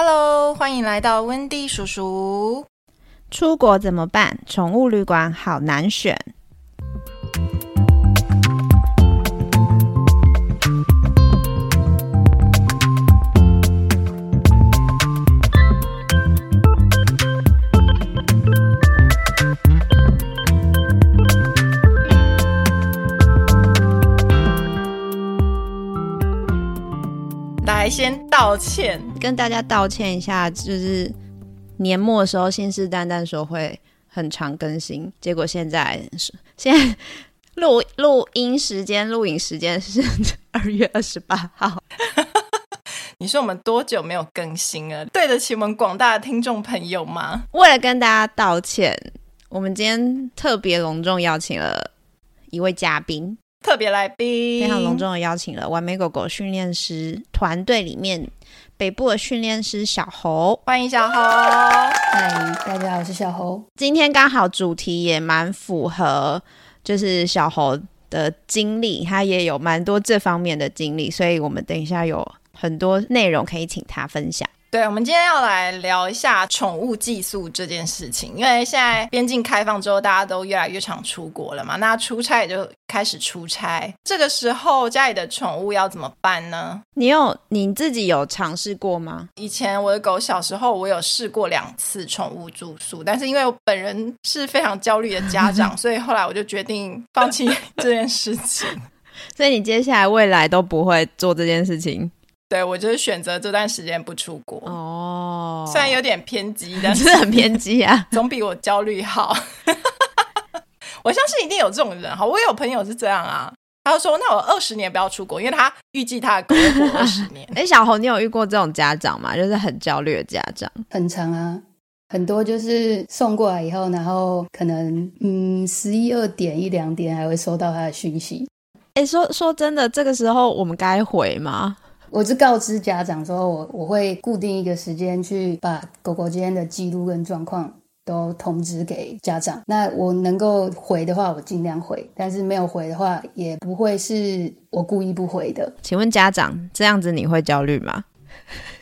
Hello，歡迎來到 Wendy 叔叔。出國怎麼辦？寵物旅館好難選。先道歉，跟大家道歉一下，就是年末的時候信誓旦旦說會很常更新，結果現在現在錄錄音時間，錄影時間是二月二十八號。 你說我們多久沒有更新了？對得起我們廣大的聽眾朋友嗎？為了跟大家道歉，我們今天特別隆重邀請了一位嘉賓。特別來賓，非常隆重的邀請了完美狗狗訓練師團隊裡面北部的訓練師小侯，歡迎小侯。嗨，大家好，我是小侯。今天剛好主題也蠻符合，就是小侯的經歷，他也有蠻多這方面的經歷，所以我們等一下有很多內容可以請他分享。對，我們今天要來聊一下寵物寄宿這件事情，因為現在邊境開放之後，大家都越來越常出國了嘛。那出差也就開始出差，這個時候家裡的寵物要怎麼辦呢？你有你自己有嘗試過嗎？以前我的狗小時候，我有試過兩次寵物住宿，但是因為我本人是非常焦慮的家長， 所以後來我就決定放棄這件事情。 所以你接下來未來都不會做這件事情？對，我就是選擇這段時間不出國哦，oh, 雖然有點偏激，但是真的很偏激啊，總比我焦慮好。 我相信一定有這種人哈，我有朋友是這樣啊，他就說：“那我二十年不要出國，因為他預計他可以活二十年。”哎， 小侯，你有遇過這種家長嗎？就是很焦慮的家長，很長啊，很多就是送過來以後，然後可能嗯十一二點一兩點還會收到他的訊息。哎，說說真的，這個時候我們該回嗎？我是告知家長說我，我我會固定一個時間去把狗狗今天的記錄跟狀況都通知給家長。那我能夠回的話，我盡量回；但是沒有回的話，也不會是我故意不回的。請問家長，這樣子你會焦慮嗎？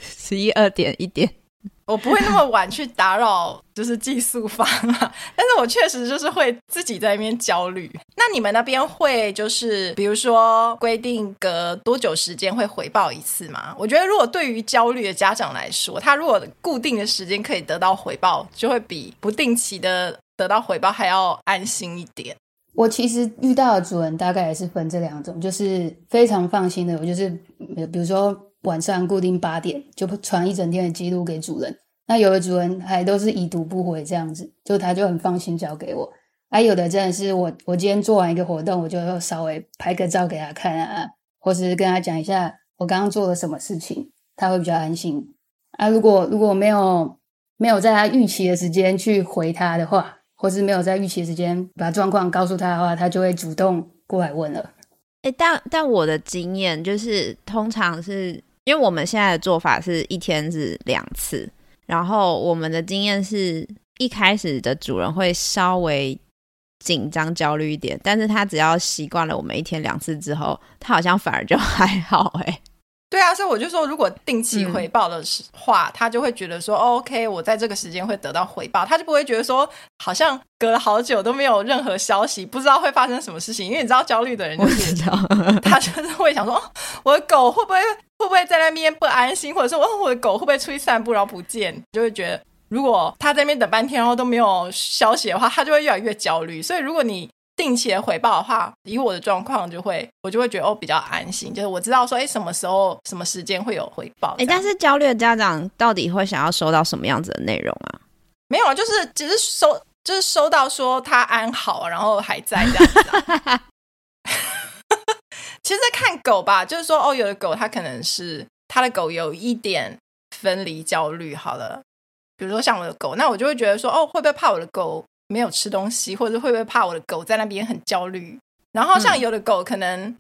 十一二點一點。 我不會那麼晚去打擾，就是寄宿方嘛、啊。但是我確實就是會自己在那邊焦慮。那你們那邊會就是，比如說規定隔多久時間會回報一次嗎？我覺得如果對於焦慮的家長來說，他如果固定的時間可以得到回報，就會比不定期的得到回報還要安心一點。我其實遇到的主人大概也是分這兩種，就是非常放心的，我就是比如說。晚上固定八點就傳一整天的記錄給主人，那有的主人還都是已讀不回這樣子，就他就很放心交給我。還、啊、有的真的是我，我今天做完一個活動，我就稍微拍個照給他看啊，或是跟他講一下我剛剛做了什麼事情，他會比較安心。啊，如果如果沒有沒有在他預期的時間去回他的話，或是沒有在預期的時間把狀況告訴他的話，他就會主動過來問了。誒、欸，但但我的經驗就是，通常是。因為我們現在的做法是一天是兩次，然後我們的經驗是一開始的主人會稍微緊張焦慮一點，但是他只要習慣了我們一天兩次之後，他好像反而就還好哎。對啊，所以我就說，如果定期回報的話，嗯，他就會覺得說，哦，OK，我在這個時間會得到回報，他就不會覺得說，好像隔了好久都沒有任何消息，不知道會發生什麼事情。因為你知道，焦慮的人就是這樣，他就是會想說，哦，我的狗會不會？會不會在那邊不安心，或者說，我、哦，我的狗會不會出去散步然後不見，就會覺得如果他在那邊等半天然後都沒有消息的話，他就會越來越焦慮。所以，如果你定期的回報的話，以我的狀況就會，我就會覺得我、哦、比較安心，就是我知道說，哎，什麼時候什麼時間會有回報。哎，但是焦慮的家長到底會想要收到什麼樣子的內容啊？沒有啊，就是只是收、就是收，就是收到說他安好，然後還在這樣子子。 其實在看狗吧，就是說哦，有的狗它可能是它的狗有一點分離焦慮。好了，比如說像我的狗，那我就會覺得說哦，會不會怕我的狗沒有吃東西，或者會不會怕我的狗在那邊很焦慮？然後像有的狗，可能、嗯、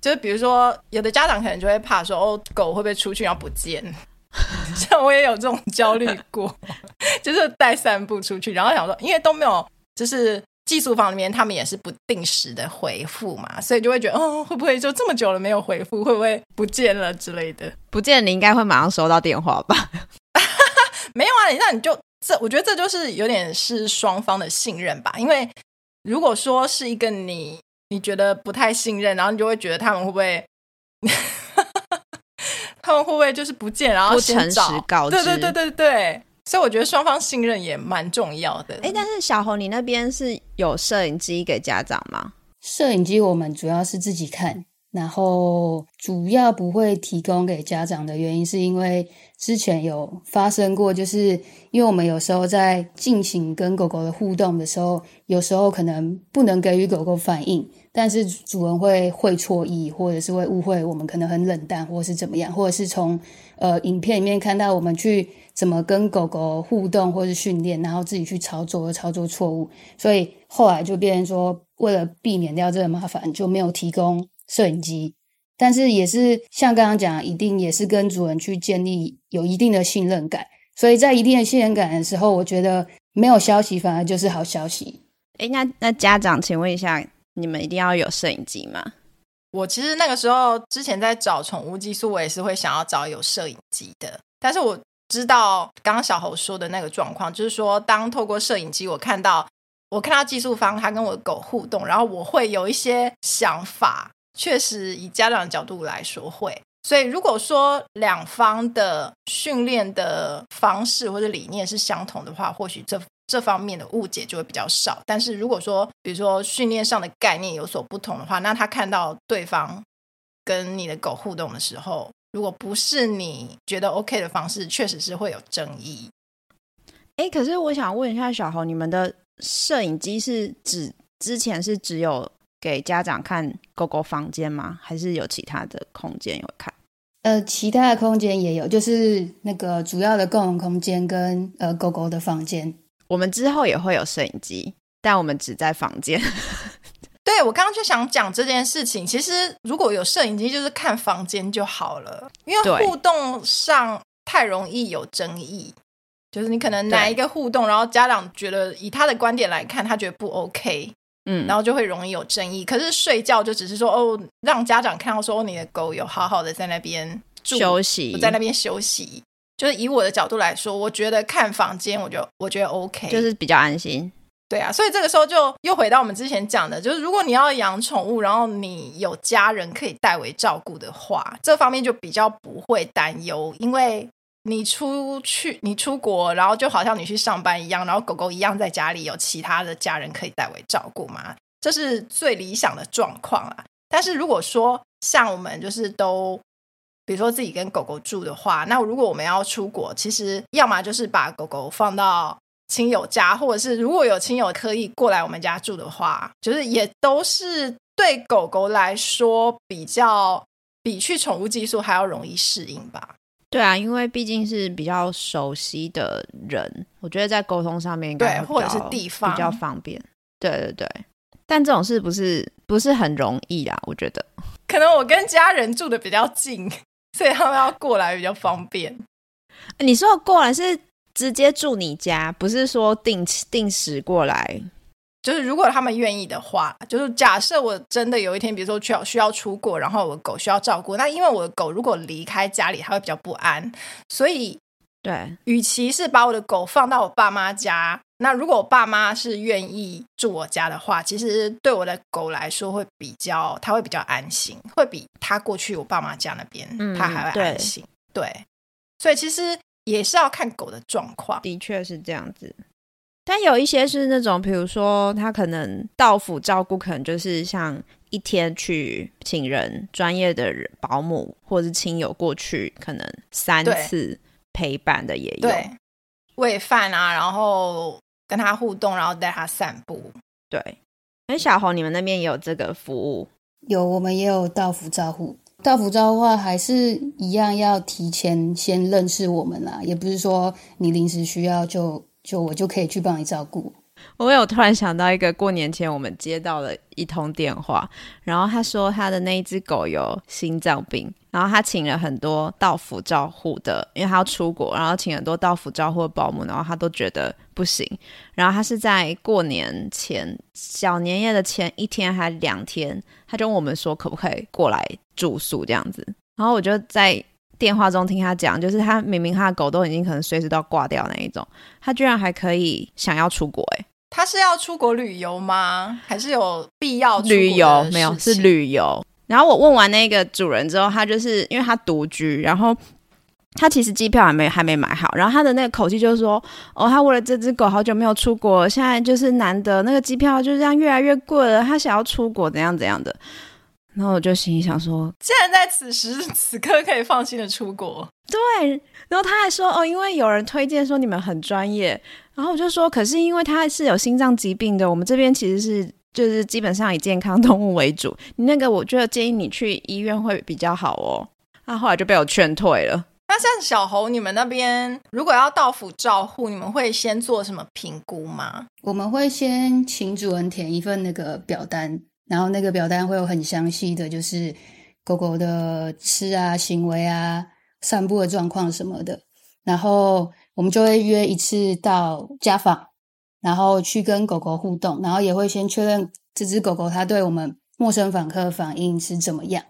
就是比如說有的家長可能就會怕說哦，狗會不會出去然後不見？ 像我也有這種焦慮過， 就是帶散步出去，然後想說因為都沒有就是。技術方裡面，他們也是不定時的回復嘛，所以就會覺得，哦，會不會就這麼久了沒有回復，會不會不見了之類的？不見你應該會馬上收到電話吧？ 沒有啊，你那你就這，我覺得這就是有點是雙方的信任吧。因為如果說是一個你你覺得不太信任，然後你就會覺得他們會不會， 他們會不會就是不見，然後先找？不誠實告知。對對對對對。所以我覺得雙方信任也蠻重要的，哎、欸，但是小侯，你那邊是有攝影機給家長嗎？攝影機我們主要是自己看，然後主要不會提供給家長的原因是因為。之前有發生過，就是因為我們有時候在進行跟狗狗的互動的時候，有時候可能不能給予狗狗反應，但是主人會會錯意，或者是會誤會我們可能很冷淡，或者是怎麼樣，或者是從呃影片裡面看到我們去怎麼跟狗狗互動或者是訓練，然後自己去操作操作錯誤，所以後來就變成說，為了避免掉這個麻煩，就沒有提供攝影機。但是也是像剛剛講，一定也是跟主人去建立有一定的信任感，所以在一定的信任感的時候，我覺得沒有消息反而就是好消息。哎、欸，那那家長，請問一下，你們一定要有攝影機嗎？我其實那個時候之前在找寵物寄宿我也是會想要找有攝影機的。但是我知道剛剛小侯說的那個狀況，就是說當透過攝影機，我看到我看到寄宿方他跟我狗互動，然後我會有一些想法。確實，以家長的角度來說會。所以，如果說兩方的訓練的方式或者理念是相同的話，或許這這方面的誤解就會比較少。但是，如果說比如說訓練上的概念有所不同的話，那他看到對方跟你的狗互動的時候，如果不是你覺得 OK 的方式，確實是會有爭議。誒，可是我想問一下小侯，你們的攝影機是指之前是只有？給家長看狗狗房間嗎？還是有其他的空間有看？呃，其他的空間也有，就是那個主要的共同空間跟呃狗狗的房間。我們之後也會有攝影機，但我們只在房間。 對，我剛剛就想講這件事情。其實如果有攝影機，就是看房間就好了，因為互動上太容易有爭議。就是你可能拿一個互動，對然後家長覺得以他的觀點來看，他覺得不 OK。嗯，然後就會容易有爭議。嗯、可是睡覺就只是說哦，讓家長看到說，哦、你的狗有好好的在那邊休息，在那邊休息。就是以我的角度來說，我覺得看房間，我就我覺得 OK，就是比較安心。對啊，所以這個時候就又回到我們之前講的，就是如果你要養寵物，然後你有家人可以代為照顧的話，這方面就比較不會擔憂，因為。你出去，你出國，然後就好像你去上班一樣，然後狗狗一樣在家裡有其他的家人可以代為照顧嘛。這是最理想的狀況啦。但是如果說像我們就是都，比如說自己跟狗狗住的話，那如果我們要出國，其實要麼就是把狗狗放到親友家，或者是如果有親友可以過來我們家住的話，就是也都是對狗狗來說比較比去寵物寄宿還要容易適應吧。對啊，因為畢竟是比較熟悉的人，我覺得在溝通上面，對，或者是地方比較方便。對對對，但這種事不是不是很容易啊？我覺得可能我跟家人住得比較近，所以他們要過來比較方便，欸。你說過來是直接住你家，不是說定定時過來？就是如果他們願意的話，就是假設我真的有一天，比如說需要需要出國，然後我的狗需要照顧，那因為我的狗如果離開家裡，它會比較不安，所以對，與其是把我的狗放到我爸媽家，那如果我爸媽是願意住我家的話，其實對我的狗來說會比較，它會比較安心，會比它過去我爸媽家那邊，嗯，它還會安心，對，對，所以其實也是要看狗的狀況，的確是這樣子。但有一些是那種，比如說他可能到府照顧，可能就是像一天去請人專業的保姆，或者是親友過去，可能三次陪伴的也有。對，對，餵飯啊，然後跟他互動，然後帶他散步。對，哎，小侯，你們那邊也有這個服務？有，我們也有到府照顧。到府照顧的話還是一樣要提前先認識我們啦，也不是說你臨時需要就。就我就可以去幫你照顧。我有突然想到一個過年前，我們接到了一通電話，然後他說他的那一隻狗有心臟病，然後他請了很多到府照護的，因為他要出國，然後請很多到府照護的保姆，然後他都覺得不行。然後他是在過年前小年夜的前一天還兩天，他就問我們說可不可以過來住宿這樣子。然後我就在。電話中聽他講，就是他明明他的狗都已經可能隨時都要掛掉那一種，他居然還可以想要出國，誒？他是要出國旅遊嗎？還是有必要出國旅遊？沒有，是旅遊。然後我問完那個主人之後，他就是因為他獨居，然後他其實機票還沒還沒買好，然後他的那個口氣就是說，哦，他為了這隻狗好久沒有出國，現在就是難得那個機票就這樣越來越貴了，他想要出國怎樣怎樣的。然後我就心裡想說，既然在此時此刻可以放心的出國，對。然後他還說，哦，因為有人推薦說你們很專業。然後我就說，可是因為他是有心臟疾病的，我們這邊其實是就是基本上以健康動物為主。那個，我覺得建議你去醫院會比較好哦。那、啊、後來就被我勸退了。那像小侯，你們那邊如果要到府照護，你們會先做什麼評估嗎？我們會先請主人填一份那個表單。然後那個表單會有很詳細的就是狗狗的吃啊、行為啊、散步的狀況什麼的。然後我們就會約一次到家訪，然後去跟狗狗互動，然後也會先確認這隻狗狗它對我們陌生訪客反應是怎麼樣，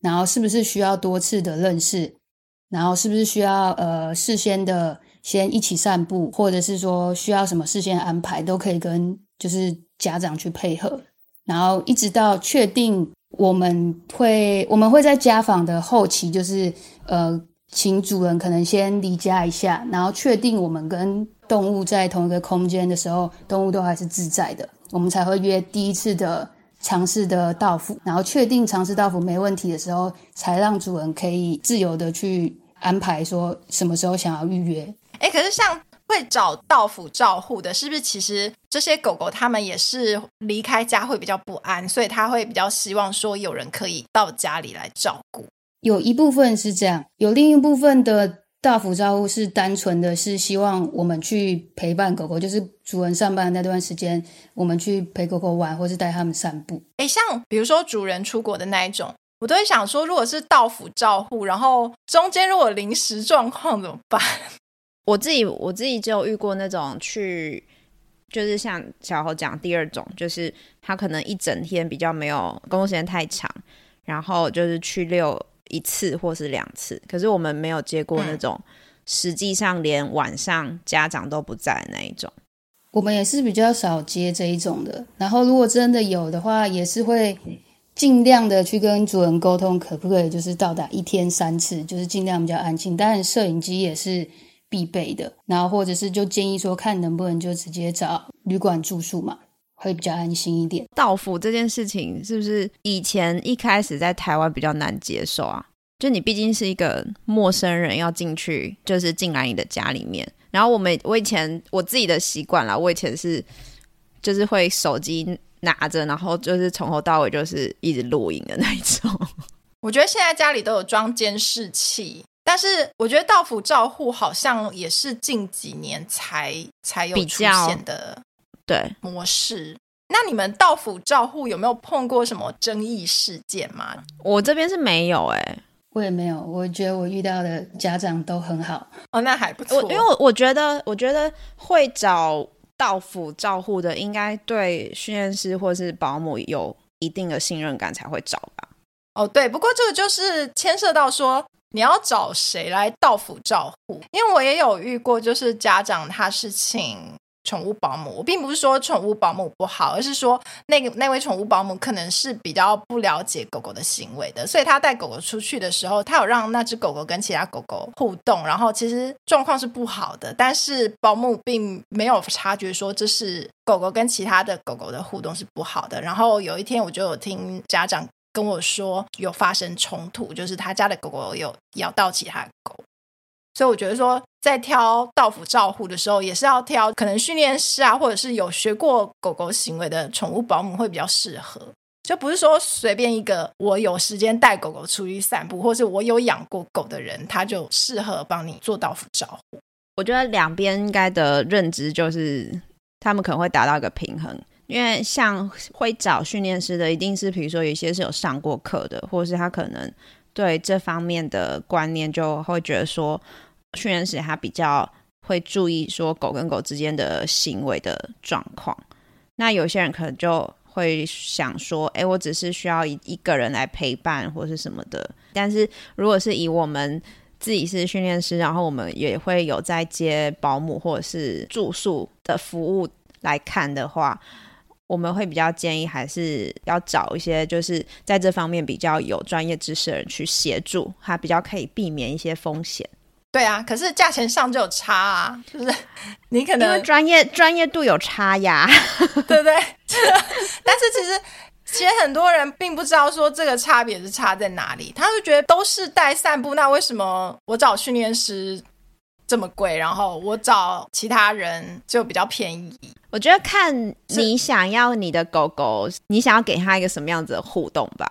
然後是不是需要多次的認識，然後是不是需要呃事先的先一起散步，或者是說需要什麼事先安排，都可以跟就是家長去配合。然後一直到確定我們會，我們會在家訪的後期，就是呃，請主人可能先離家一下，然後確定我們跟動物在同一個空間的時候，動物都還是自在的，我們才會約第一次的嘗試的到府，然後確定嘗試到府沒問題的時候，才讓主人可以自由的去安排說什麼時候想要預約。哎，可是像。會找到府照護的，是不是？其實這些狗狗它們也是離開家會比較不安，所以它會比較希望說有人可以到家裡來照顧。有一部分是這樣，有另一部分的到府照護是單純的是希望我們去陪伴狗狗，就是主人上班那段時間，我們去陪狗狗玩，或是帶他們散步。哎，像比如說主人出國的那一種，我都會想說，如果是到府照護，然後中間如果臨時狀況怎麼辦？我自己我自己就遇過那種去，就是像小侯講第二種，就是他可能一整天比較沒有，工作時間太長，然後就是去遛一次或是兩次。可是我們沒有接過那種實際上連晚上家長都不在的那一種。嗯、我們也是比較少接這一種的。然後如果真的有的話，也是會盡量的去跟主人溝通，可不可以就是到達一天三次，就是盡量比較安靜。但攝影機也是。必備的，然後或者是就建議說，看能不能就直接找旅館住宿嘛，會比較安心一點。到府這件事情是不是以前一開始在台灣比較難接受啊？就你畢竟是一個陌生人，要進去，就是進來你的家裡面。然後我沒我以前我自己的習慣啦，我以前是就是會手機拿着，然後就是從頭到尾就是一直錄音的那一種。我覺得現在家裡都有裝監視器。但是我覺得到府照護好像也是近幾年才才有出現的對模式。那你們到府照護有沒有碰過什麼爭議事件嗎？我這邊是沒有哎、欸，我也沒有。我覺得我遇到的家長都很好哦，那還不錯。因為我覺得，我覺得會找到府照護的，應該對訓練師或是保姆有一定的信任感才會找吧。哦，對。不過這個就是牽涉到說。你要找誰來到府照護？因為我也有遇過，就是家長他是請寵物保姆。我並不是說寵物保姆不好，而是說那個那位寵物保姆可能是比較不了解狗狗的行為的。所以他帶狗狗出去的時候，他有讓那隻狗狗跟其他狗狗互動，然後其實狀況是不好的，但是保姆並沒有察覺說這是狗狗跟其他的狗狗的互動是不好的。然後有一天，我就有聽家長，跟我說有發生衝突，就是他家的狗狗有咬到其他狗，所以我覺得說在挑到府照護的時候，也是要挑可能訓練師啊，或者是有學過狗狗行為的寵物保姆會比較適合，就不是說隨便一個「我有時間帶狗狗出去散步，或是我有養過狗」的人，他就適合幫你做到府照護。我覺得兩邊應該的認知就是他們可能會達到一個平衡。因為像會找訓練師的，一定是比如說有一些是有上過課的，或者是他可能對這方面的觀念就會覺得說，訓練師他比較會注意說狗跟狗之間的行為的狀況。那有些人可能就會想說，哎、欸，我只是需要一一個人來陪伴或是什麼的。但是如果是以我們自己是訓練師，然後我們也會有在接保姆或者是住宿的服務來看的話。我們會比較建議還是要找一些就是在這方面比較有專業知識的人去協助，他比較可以避免一些風險。對啊，可是價錢上就有差啊，就是，你可能因為專業專業度有差呀， 對不對？但是其實其實很多人並不知道說這個差別是差在哪裡，他就覺得都是帶散步，那為什麼我找訓練師這麼貴，然後我找其他人就比較便宜？我覺得看你想要你的狗狗，是你想要給他一個什麼樣子的互動吧，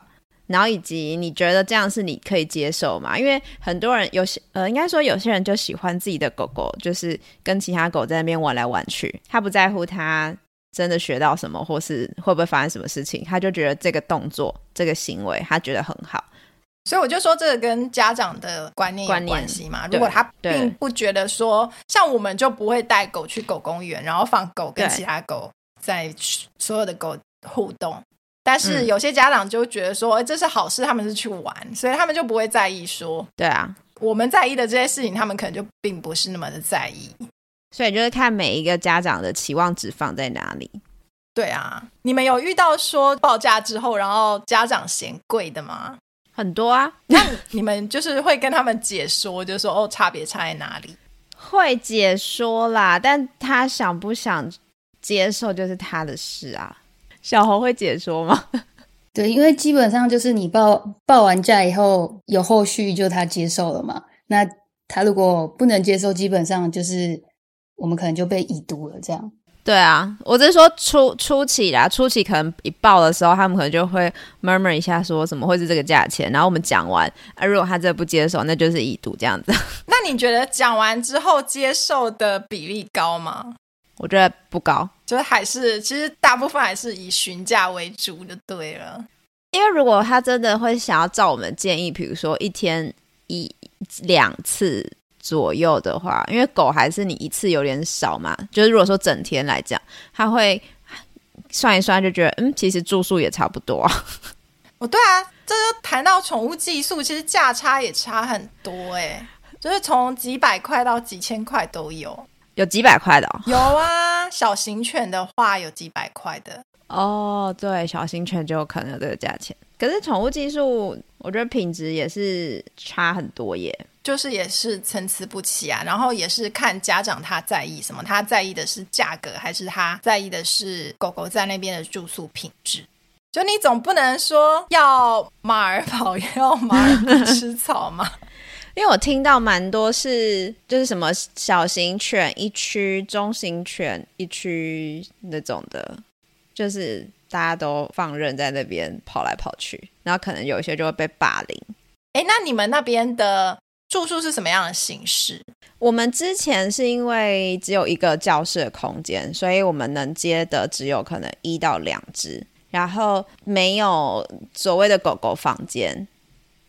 然後以及你覺得這樣是你可以接受嗎？因為很多人有些呃，應該說有些人就喜歡自己的狗狗，就是跟其他狗在那邊玩來玩去，他不在乎他真的學到什麼，或是會不會發生什麼事情，他就覺得這個動作、這個行為，他覺得很好。所以我就說，這個跟家長的觀念有關係嘛？如果他並不覺得說，像我們就不會帶狗去狗公園，然後放狗跟其他狗在所有的狗互動。但是有些家長就覺得說，嗯，這是好事，他們是去玩，所以他們就不會在意說，對啊，我們在意的這些事情，他們可能就並不是那麼的在意。所以就是看每一個家長的期望值放在哪裡。對啊，你們有遇到說報價之後，然後家長嫌貴的嗎？很多啊，那 你們就是會跟他們解說，就是、說哦，差別差在哪裡？會解說啦，但他想不想接受就是他的事啊。小侯會解說嗎？對，因為基本上就是你報報完價以後有後續，就他接受了嘛。那他如果不能接受，基本上就是我們可能就被已讀了這樣。對啊，我就是說初初期啦，啊，初期可能一報的時候，他們可能就會 murmur 一下，說怎麼會是這個價錢。然後我們講完，啊，如果他真的不接受，那就是已讀這樣子。那你覺得講完之後接受的比例高嗎？我覺得不高，就還是其實大部分還是以詢價為主就對了。因為如果他真的會想要照我們建議，比如說一天一兩次。左右的話，因為狗還是你一次有點少嘛，就是如果說整天來講，它會算一算就覺得，嗯，其實住宿也差不多。哦，對啊，這就談到寵物寄宿，其實價差也差很多哎，就是從幾百塊到幾千塊都有。有幾百塊的哦？有啊，小型犬的話有幾百塊的哦，對，小型犬就可能有這個價錢，可是寵物寄宿，我覺得品質也是差很多耶。就是也是參差不齊啊，然後也是看家長他在意什麼，他在意的是價格，還是他在意的是狗狗在那邊的住宿品質？就你總不能說要馬兒跑，也要馬兒不吃草嘛？ 因為我聽到蠻多是就是什麼小型犬一區、中型犬一區那種的，就是大家都放任在那邊跑來跑去，然後可能有一些就會被霸凌。哎，那你們那邊的？住宿是什麼樣的形式？我們之前是因為只有一個教室的空間，所以我們能接的只有可能一到兩隻，然後沒有所謂的狗狗房間，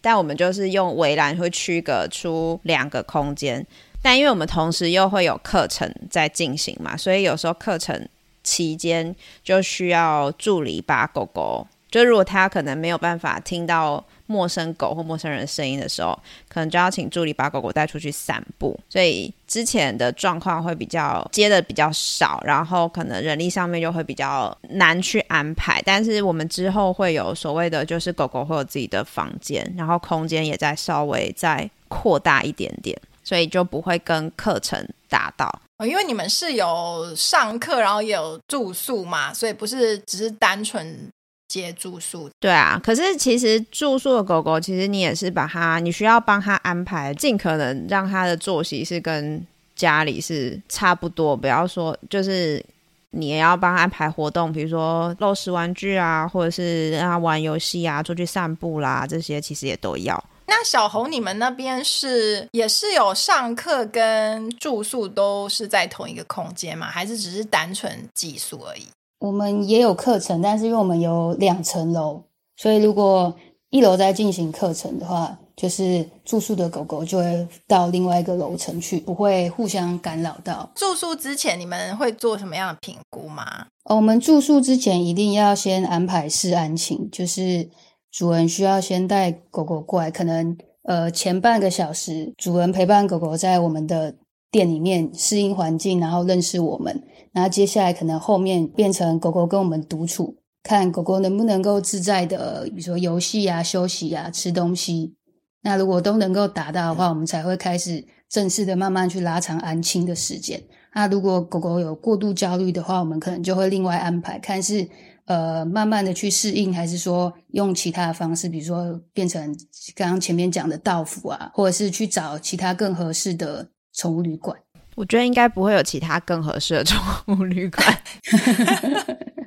但我們就是用圍欄會區隔出兩個空間。但因為我們同時又會有課程在進行嘛，所以有時候課程期間就需要助理把狗狗，就如果他可能沒有辦法聽到，陌生狗或陌生人的聲音的時候，可能就要請助理把狗狗帶出去散步，所以之前的狀況會比較接的比較少，然後可能人力上面就會比較難去安排。但是我們之後會有所謂的，就是狗狗會有自己的房間，然後空間也在稍微再擴大一點點，所以就不會跟課程達到。哦，因為你們是有上課，然後也有住宿嘛，所以不是只是單純，接住宿。對啊，可是其實住宿的狗狗，其實你也是把它，你需要幫它安排，盡可能讓它的作息是跟家裡是差不多，不要說就是你也要幫它安排活動，比如說漏食玩具啊，或者是讓它玩遊戲啊，出去散步啦，這些其實也都要。那小侯，你們那邊是也是有上課跟住宿都是在同一個空間嗎？還是只是單純寄宿而已？我們也有課程，但是因為我們有兩層樓，所以如果一樓在進行課程的話，就是住宿的狗狗就會到另外一個樓層去，不會互相干擾到。住宿之前，你們會做什麼樣的評估嗎？哦，我們住宿之前一定要先安排試安親，就是主人需要先帶狗狗過來，可能呃前半個小時主人陪伴狗狗在我們的店裡面適應環境，然後認識我們。那接下來可能後面變成狗狗跟我們獨處，看狗狗能不能夠自在的，比如說遊戲啊、休息啊、吃東西。那如果都能夠達到的話，我們才會開始正式的慢慢去拉長安親的時間。那如果狗狗有過度焦慮的話，我們可能就會另外安排，看是呃慢慢的去適應，還是說用其他的方式，比如說變成剛剛前面講的到府啊，或者是去找其他更合適的寵物旅館。我覺得應該不會有其他更合適的寵物旅館。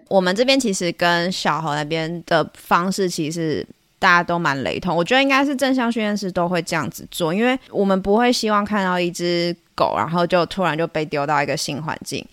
我們這邊其實跟小侯那邊的方式其實大家都蠻雷同。我覺得應該是正向訓練師都會這樣子做，因為我們不會希望看到一隻狗，然後就突然就被丟到一個新環境，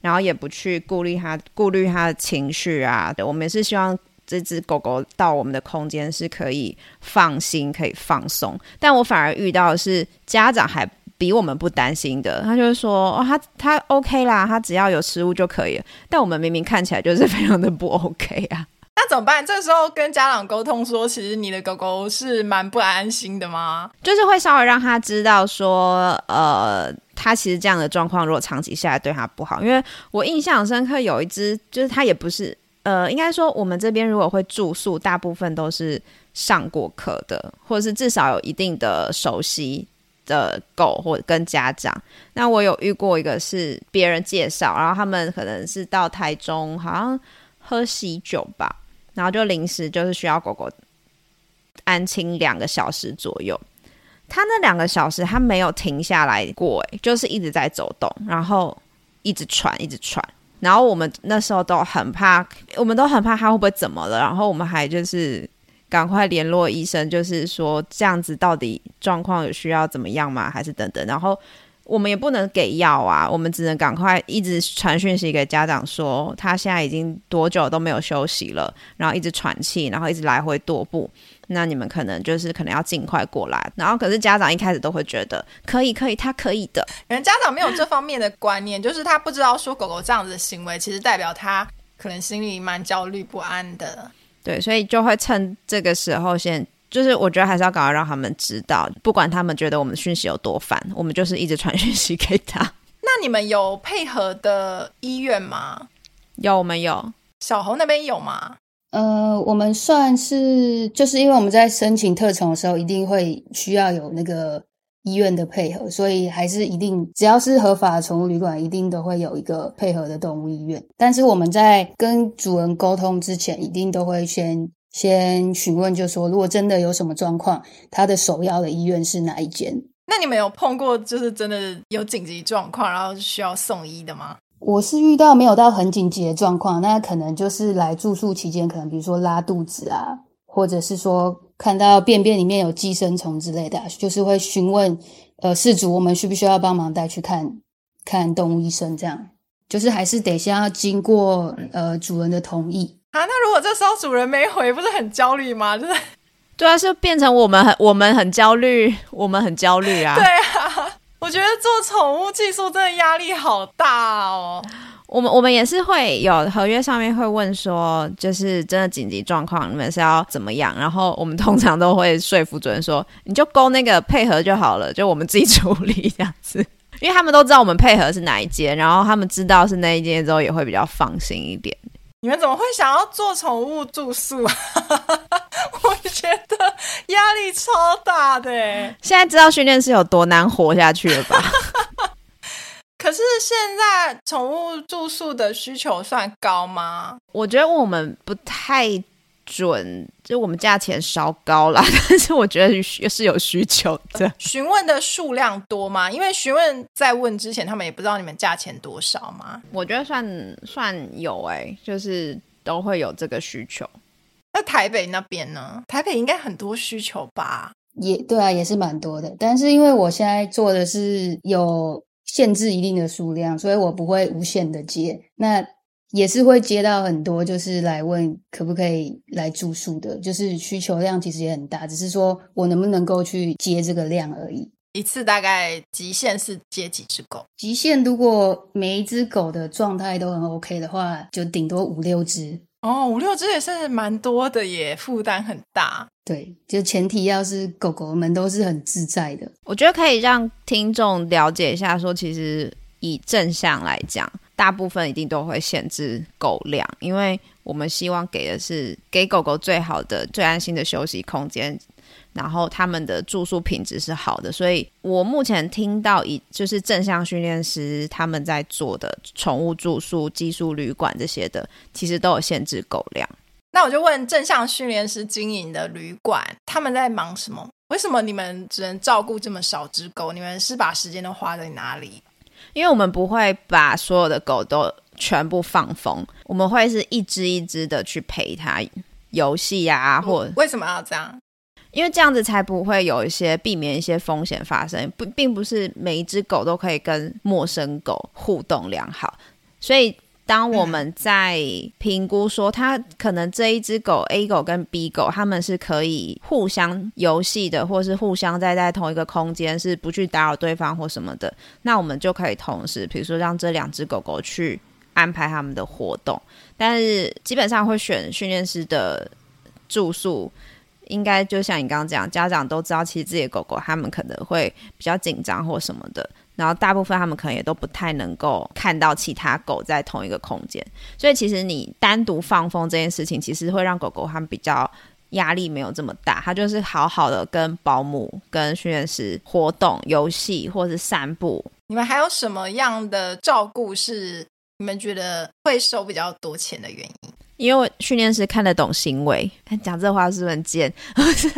然後也不去顧慮它、顧慮它的情緒啊。對我們也是希望這隻狗狗到我們的空間是可以放心、可以放鬆。但我反而遇到的是家長還比我們不擔心的，他就是說，哦，他他 OK 啦，他只要有食物就可以了。但我們明明看起來就是非常的不 OK 啊，那怎麼辦？這時候跟家長溝通說，其實你的狗狗是蠻不安心的嗎？就是會稍微讓他知道說，呃，他其實這樣的狀況如果長期下來對他不好。因為我印象深刻有一隻，就是他也不是，呃，應該說我們這邊如果會住宿，大部分都是上過課的，或者是至少有一定的熟悉。的狗，或者跟家長。那我有遇過一個是別人介紹，然後他們可能是到台中，好像喝喜酒吧，然後就臨時就是需要狗狗安親兩個小時左右。他那兩個小時他沒有停下來過，就是一直在走動，然後一直喘，一直喘，然後我們那時候都很怕，我們都很怕他會不會怎麼了，然後我們還就是。趕快聯絡醫生，就是說這樣子到底狀況有需要怎麼樣嗎？還是等等？然後我們也不能給藥啊，我們只能趕快一直傳訊息給家長說，他現在已經多久都沒有休息了，然後一直喘氣，然後一直來回踱步。那你們可能就是可能要盡快過來。然後可是家長一開始都會覺得可以，可以，他可以的。人家長沒有這方面的觀念， 就是他不知道說狗狗這樣子的行為其實代表他可能心裡蠻焦慮不安的。對，所以就會趁這個時候先，就是我覺得還是要趕快，讓他們知道，不管他們覺得我們訊息有多煩，我們就是一直傳訊息給他。那你們有配合的醫院嗎？有，沒有，我們有。小侯那邊有嗎？呃，我們算是就是因為我們在申請特寵的時候，一定會需要有那個。醫院的配合，所以還是一定，只要是合法的寵物旅館，一定都會有一個配合的動物醫院。但是我們在跟主人溝通之前，一定都會先先詢問就是，就說如果真的有什麼狀況，他的首要的醫院是哪一間？那你沒有碰過就是真的有緊急狀況，然後需要送醫的嗎？我是遇到沒有到很緊急的狀況，那可能就是來住宿期間，可能比如說拉肚子啊。或者是說看到便便裡面有寄生蟲之類的，就是會詢問，呃，飼主，我們需不需要幫忙帶去看看動物醫生？這樣就是還是得先要經過呃，主人的同意啊。那如果這時候主人沒回，不是很焦慮嗎？就是對啊，就變成我們很我們很焦慮，我們很焦慮啊。對啊，我覺得做寵物技術真的壓力好大哦。我們我們也是會有合約上面會問說，就是真的緊急狀況，你們是要怎麼樣？然後我們通常都會說服主人說，你就勾那個配合就好了，就我們自己處理這樣子，因為他們都知道我們配合是哪一間，然後他們知道是那一間之後，也會比較放心一點。你們怎麼會想要做寵物住宿啊？ 我覺得壓力超大的，現在知道訓練師是有多難活下去了吧？ 可是現在寵物住宿的需求算高嗎？我覺得我們不太準，就我們價錢稍高啦，但是我覺得是有需求的。詢問的數量多嗎？因為詢問在問之前，他們也不知道你們價錢多少嘛。我覺得算算有哎、欸，就是都會有這個需求。那台北那邊呢？台北應該很多需求吧？也對啊，也是蠻多的。但是因為我現在做的是有，限制一定的數量，所以我不會無限的接。那也是會接到很多，就是來問可不可以來住宿的，就是需求量其實也很大，只是說我能不能夠去接這個量而已。一次大概極限是接幾隻狗？極限如果每一隻狗的狀態都很 OK 的話，就頂多五六隻。哦，五六隻也是蠻多的耶，也負擔很大。對，就前提要是狗狗們都是很自在的。我覺得可以讓聽眾了解一下說，說其實以正向來講，大部分一定都會限制狗量，因為我們希望給的是給狗狗最好的、最安心的休息空間。然後他們的住宿品質是好的，所以我目前聽到一就是正向訓練師他們在做的寵物住宿、寄宿旅館這些的，其實都有限制狗量。那我就問正向訓練師經營的旅館，他們在忙什麼？為什麼你們只能照顧這麼少只狗？你們是把時間都花在哪裡？因為我們不會把所有的狗都全部放風，我們會是一只一只的去陪它遊戲呀、啊，或為什麼要這樣？因為這樣子才不會有一些，避免一些風險發生。不，並不是每一隻狗都可以跟陌生狗互動良好，所以當我們在評估說它可能這一隻狗 A 狗跟 B 狗它們是可以互相遊戲的，或是互相在在同一個空間是不去打擾對方或什麼的，那我們就可以同時，比如說讓這兩隻狗狗去安排他們的活動，但是基本上會選訓練師的住宿。應該就像你剛剛講，家長都知道，其實自己的狗狗他們可能會比較緊張或什麼的，然後大部分他們可能也都不太能夠看到其他狗在同一個空間，所以其實你單獨放風這件事情，其實會讓狗狗它們比較壓力沒有這麼大，它就是好好的跟保姆、跟訓練師活動、遊戲或是散步。你們還有什麼樣的照顧是你們覺得會收比較多錢的原因？因為我訓練師看得懂行為，講這話是不是很賤？ 可是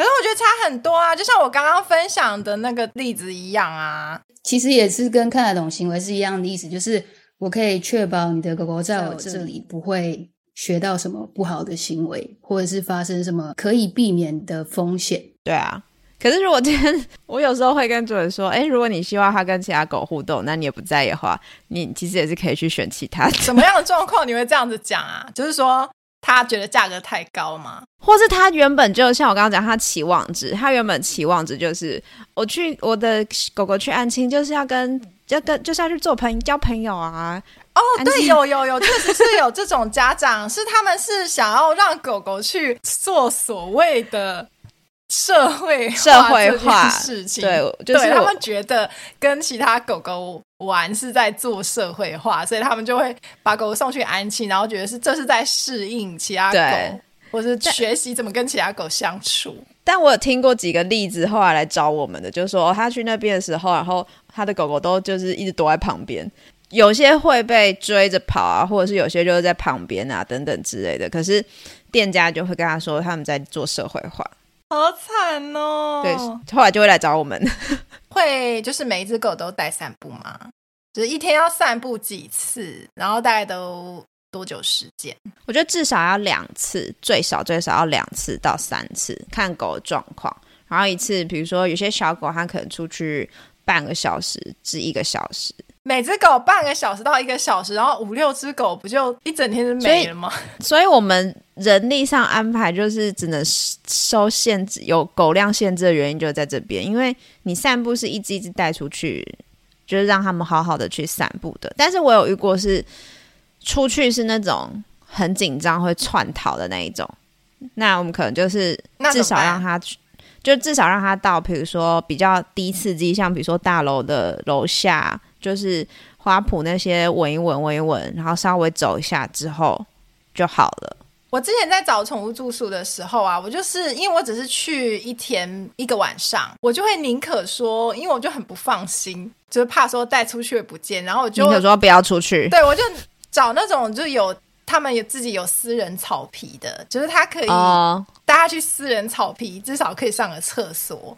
我覺得差很多啊，就像我剛剛分享的那個例子一樣啊。其實也是跟看得懂行為是一樣的意思，就是我可以確保你的狗狗在我這裡不會學到什麼不好的行為，或者是發生什麼可以避免的風險。對啊。可是，如果今天我有時候會跟主人說，哎，如果你希望他跟其他狗互動，那你也不在意的話，你其實也是可以去選其他。什麼樣的狀況你會這樣子講啊？就是說他覺得價格太高嗎？或是他原本就像我剛剛講，他期望值，他原本期望值就是我去我的狗狗去安親，就是要跟、嗯、要跟就是要去做朋友交朋友啊。哦，安親。對，有有有，確實是有這種家長 是他們是想要讓狗狗去做所謂的。社會化事情社會化，對，就是他們覺得跟其他狗狗玩是在做社會化，所以他們就會把狗狗送去安親，然後覺得是這是在適應其他狗，對或是學習怎麼跟其他狗相處。但,但我有聽過幾個例子，後來來找我們的，就是說、哦、他去那邊的時候，然後他的狗狗都就是一直躲在旁邊，有些會被追着跑啊，或者是有些就是在旁邊啊等等之類的。可是店家就會跟他說，他們在做社會化。好慘哦！對，後來就會來找我們。會就是每一只狗都帶散步嗎？就是一天要散步幾次？然後大概都多久時間？我覺得至少要兩次，最少最少要兩次到三次，看狗狀況。然後一次，比如說有些小狗它可能出去半個小時至一個小時。每隻狗半個小時到一個小時，然後五六隻狗不就一整天就沒了嗎？所以我們人力上安排就是只能收限制，有狗量限制的原因就在這邊，因為你散步是一隻一隻帶出去，就是讓他們好好的去散步的。但是我有遇過是出去是那種很緊張會竄逃的那一種，那我們可能就是至少讓他，就至少讓他到，比如說比較低刺激，像比如說大樓的樓下。就是花圃那些聞一聞，聞一聞，然後稍微走一下之後就好了。我之前在找寵物住宿的時候啊，我就是因為我只是去一天一個晚上，我就會寧可說，因為我就很不放心，就是怕說帶出去也不見，然後我就寧可說不要出去。對，我就找那種就有他們有自己有私人草皮的，就是他可以帶他去私人草皮，oh. 至少可以上個廁所，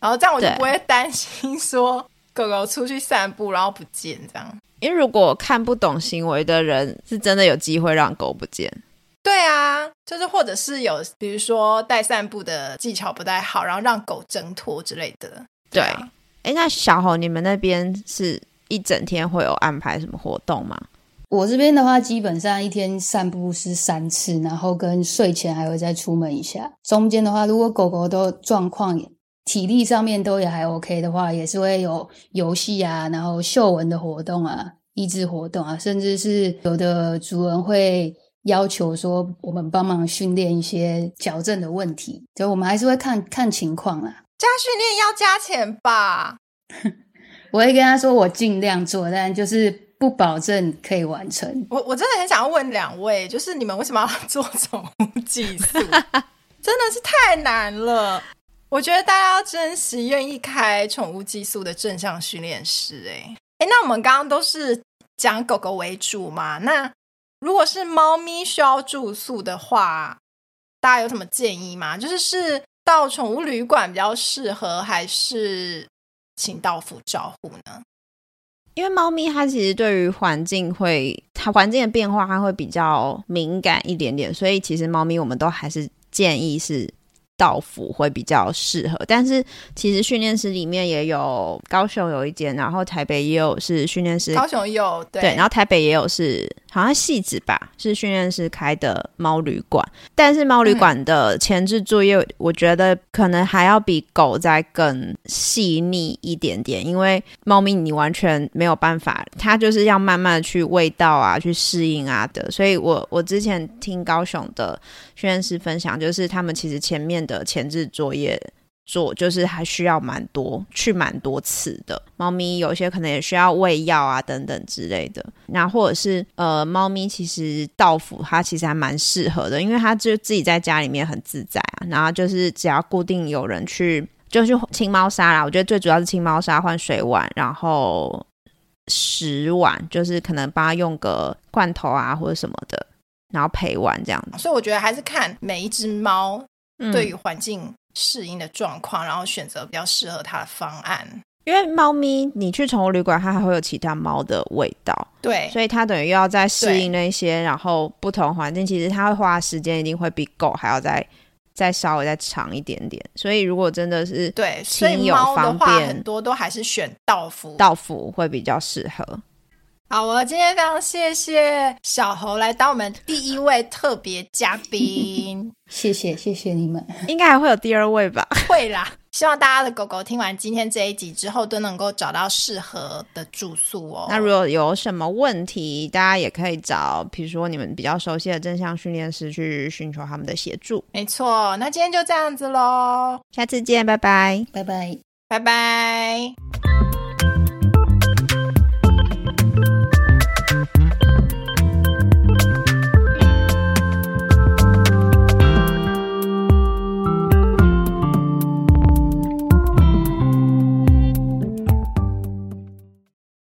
然後這樣我就不會擔心說。狗狗出去散步然後不見，這樣。因為如果看不懂行為的人，是真的有機會讓狗不見。對啊，就是或者是有，比如說帶散步的技巧不太好，然後讓狗掙脫之類的。對啊。對。誒，那小侯，你們那邊是一整天會有安排什麼活動嗎？我這邊的話，基本上一天散步是三次，然後跟睡前還會再出門一下。中間的話，如果狗狗的狀況。體力上面都也還 OK 的話，也是會有遊戲啊，然後嗅聞的活動啊，益智活動啊，甚至是有的主人會要求說我們幫忙訓練一些矯正的問題，所以我們還是會看看情況啦，啊。加訓練要加錢吧？ 我會跟他說我盡量做，但就是不保證可以完成。我我真的很想要問兩位，就是你們為什麼要做寵物寄宿？ 真的是太難了。我覺得大家要珍惜願意開寵物寄宿的正向訓練師、欸。哎那我們剛剛都是講狗狗為主嘛？那如果是貓咪需要住宿的話，大家有什麼建議嗎？就是是到寵物旅館比較適合，還是請到府照護呢？因為貓咪它其實對於環境會，它環境的變化它會比較敏感一點點，所以其實貓咪我們都還是建議是，到府會比較適合，但是其實訓練師裡面也有，高雄有一間，然後台北也有是訓練師，高雄有，對、對，然後台北也有是好像戲子吧，是訓練師開的貓旅館，但是貓旅館的前置作業，嗯、我覺得可能還要比狗再更細膩一點點，因為貓咪你完全沒有辦法，它就是要慢慢去味道啊，去適應啊的，所以我我之前聽高雄的。訓練師分享，就是他們其實前面的前置作業做，就是還需要蠻多去蠻多次的。貓咪有些可能也需要餵藥啊等等之類的。那或者是呃，貓咪其實到府它其實還蠻適合的，因為它就自己在家裡面很自在啊。然後就是只要固定有人去，就去清貓砂啦。我覺得最主要是清貓砂、換水碗，然後食碗，就是可能幫它用個罐頭啊或者什麼的。然後陪玩這樣子，所以我覺得還是看每一只貓對於環境適應的狀況，嗯、然後選擇比較適合它的方案。因為貓咪，你去寵物旅館，它還會有其他貓的味道，對，所以它等於又要再適應那些，對然後不同環境，其實它會花時間，一定會比狗還要再再稍微再長一點點。所以如果真的是親友方便，對，所以貓的話，很多都還是選到府，到府會比較適合。好哦，我今天非常謝謝小侯來當我們第一位特別嘉賓， 謝謝謝謝你們，應該還會有第二位吧？ 會啦，希望大家的狗狗聽完今天這一集之後都能夠找到適合的住宿哦。那如果有什麼問題，大家也可以找，比如說你們比較熟悉的正向訓練師去尋求他們的協助。沒錯，那今天就這樣子嘍，下次見，拜拜，拜拜，拜拜。拜拜。